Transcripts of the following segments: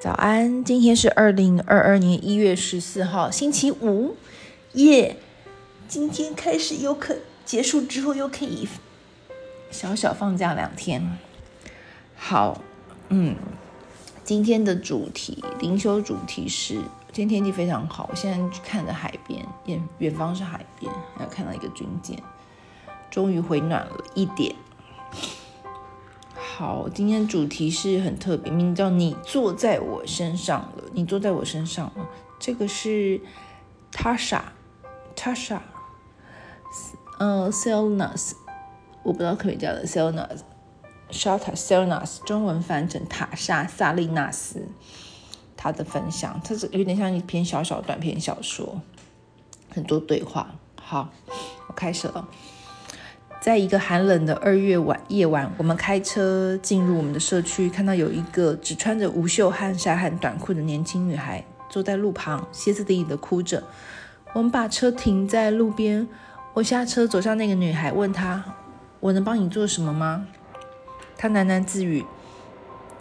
早安，今天是二零二二年一月十四號，星期五，耶、yeah！今天開始又可結束之後又可以小小放假兩天。好，嗯，今天的主題靈修主題是，今天天氣非常好，我現在看着海邊，遠遠方是海邊，然後看到一個軍艦，終於回暖了一點。好，今天主題是很特別，名叫“你坐在我身上了”。你坐在我身上了，這個是 Tasha，Tasha，嗯 Salinas、呃、我不知道可以叫的 Salinas，Shata Salinas，中文翻成塔莎薩力納斯。他的分享，它是有點像一篇小小短篇小說，很多對話。好，我開始了。在一個寒冷的二月晚夜晚，我們開車進入我們的社區，看到有一個只穿着無袖汗衫和短褲的年輕女孩坐在路旁，歇斯底里的哭着。我們把車停在路邊，我下車走向那個女孩，問她：“我能幫你做什麼嗎？”她喃喃自語：“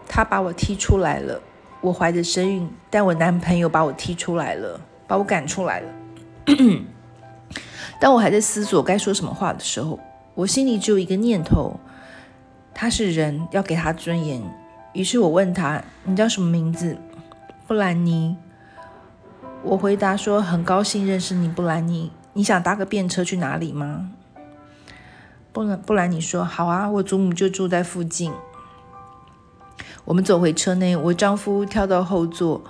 他把我踢出來了，我懷着身孕，但我男朋友把我踢出來了，把我趕出來了。”當 我還在思索該說什麼話的時候，我心裡只有一個念頭，他是人，要給他尊嚴。於是我問他：“你叫什麼名字？”布蘭妮。我回答說：“很高興認識你，布蘭妮。你想搭個便車去哪裡嗎？”布蘭布蘭妮說：“好啊，我祖母就住在附近。”我們走回車內，我丈夫跳到後座，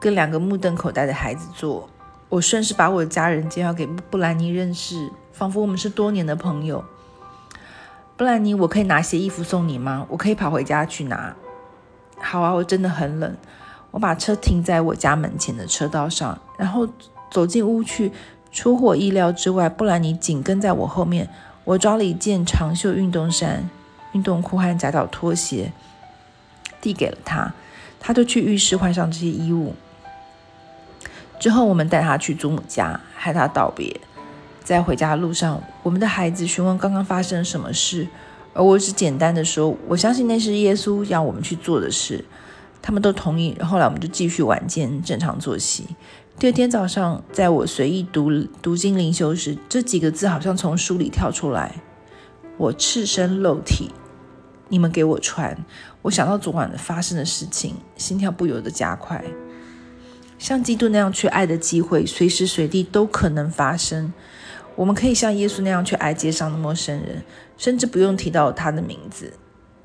跟兩個目瞪口呆的孩子坐。我順勢把我的家人介紹給布蘭妮認識，仿佛我們是多年的朋友。布蘭妮，我可以拿些衣服送你嗎？我可以跑回家去拿。好啊，我真的很冷。我把車停在我家門前的車道上，然後走進屋去。出乎我意料之外，布蘭妮緊跟在我後面。我抓了一件長袖運動衫、運動褲和夾腳拖鞋，遞給了他。他就去浴室換上這些衣物。之後，我們帶他去祖母家，和他道別。在回家的路上，我們的孩子詢問剛剛發生什麼事，而我只簡單的說：“我相信那是耶穌要我們去做的事。”他們都同意。後來我們就繼續晚間正常作息。第二天早上，在我隨意讀讀經靈修時，這幾個字好像從書裡跳出來：“我赤身露體，你們給我穿。”我想到昨晚發生的事情，心跳不由得加快。像基督那樣去愛的機會，隨時隨地都可能發生。我們可以像耶穌那樣去愛街上的陌生人，甚至不用提到他的名字。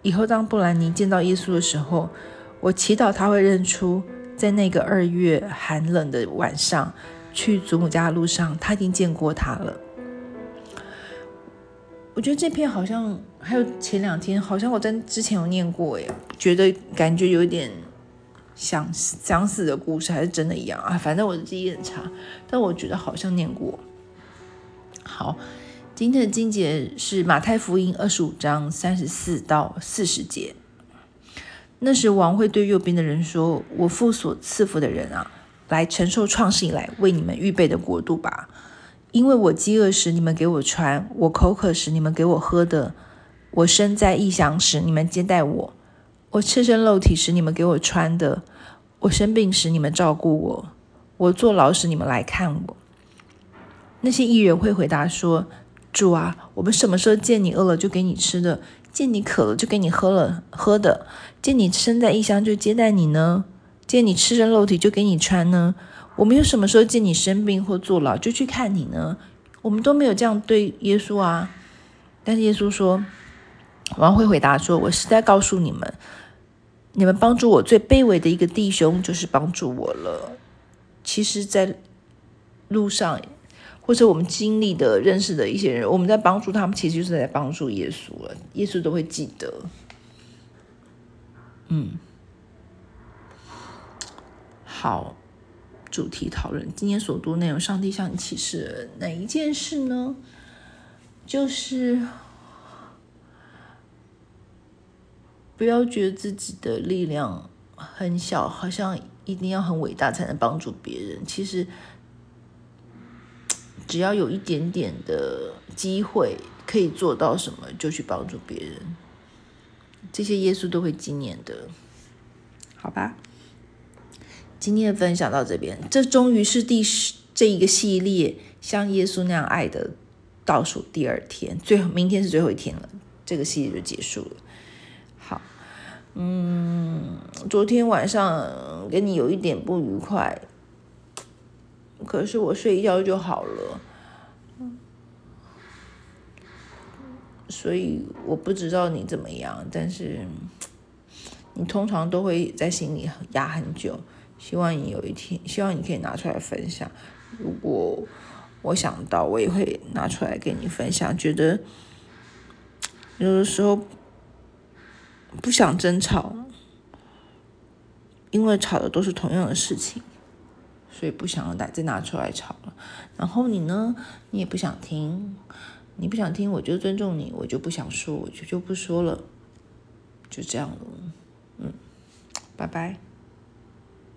以後當布蘭妮見到耶穌的時候，我祈禱她會認出，在那個二月寒冷的晚上，去祖母家的路上，她已經見過他了。我覺得這篇好像還有前兩天，好像我在之前有念過，耶，覺得感覺有點相相似的故事，還是真的一樣啊？反正我的記憶很差，但我覺得好像念過。好，今天的經節是馬太福音二十五章三十四到四十節。那時，王會對右邊的人說：“我父所賜福的人啊，來承受創世以來為你們預備的國度吧！因為我飢餓時你們給我穿，我口渴時你們給我喝的，我身在異鄉時你們接待我，我赤身露體時你們給我穿的，我生病時你們照顧我，我坐牢時你們來看我。”那些義人會回答說：“主啊，我們什麼時候見你餓了就給你吃的，見你渴了就給你喝了喝的，見你身在異鄉就接待你呢？見你赤身露體就給你穿呢？我們又什麼時候見你生病或坐牢就去看你呢？我們都沒有這樣對耶穌啊。”但是耶穌說：“王會回答說，我實在告訴你們，你們幫助我最卑微的一個弟兄，就是幫助我了。其實，在路上。”或者我們經歷的、認識的一些人，我們在幫助他們，其實就是在幫助耶穌了。耶穌都會記得。嗯，好，主題討論今天所讀的內容，上帝向你啟示哪一件事呢？就是不要覺得自己的力量很小，好像一定要很偉大才能幫助別人。其實。只要有一點點的機會可以做到什麼，就去幫助別人。這些耶穌都會紀念的，好吧？今天的分享到這邊，這終於是第十這一個系列，像耶穌那樣愛的倒數第二天，最後，明天是最後一天了，這個系列就結束了。好，嗯，昨天晚上跟你有一點不愉快。可是我睡一覺就好了，所以我不知道你怎麼樣，但是你通常都會在心裡壓很久。希望你有一天，希望你可以拿出來分享。如果我想到，我也會拿出來跟你分享。覺得有的時候不想爭吵，因為吵的都是同樣的事情。所以不想要打，再拿出來吵了，然後你呢？你也不想聽，你不想聽，我就尊重你，我就不想說，我就就不說了，就這樣了，嗯，拜拜。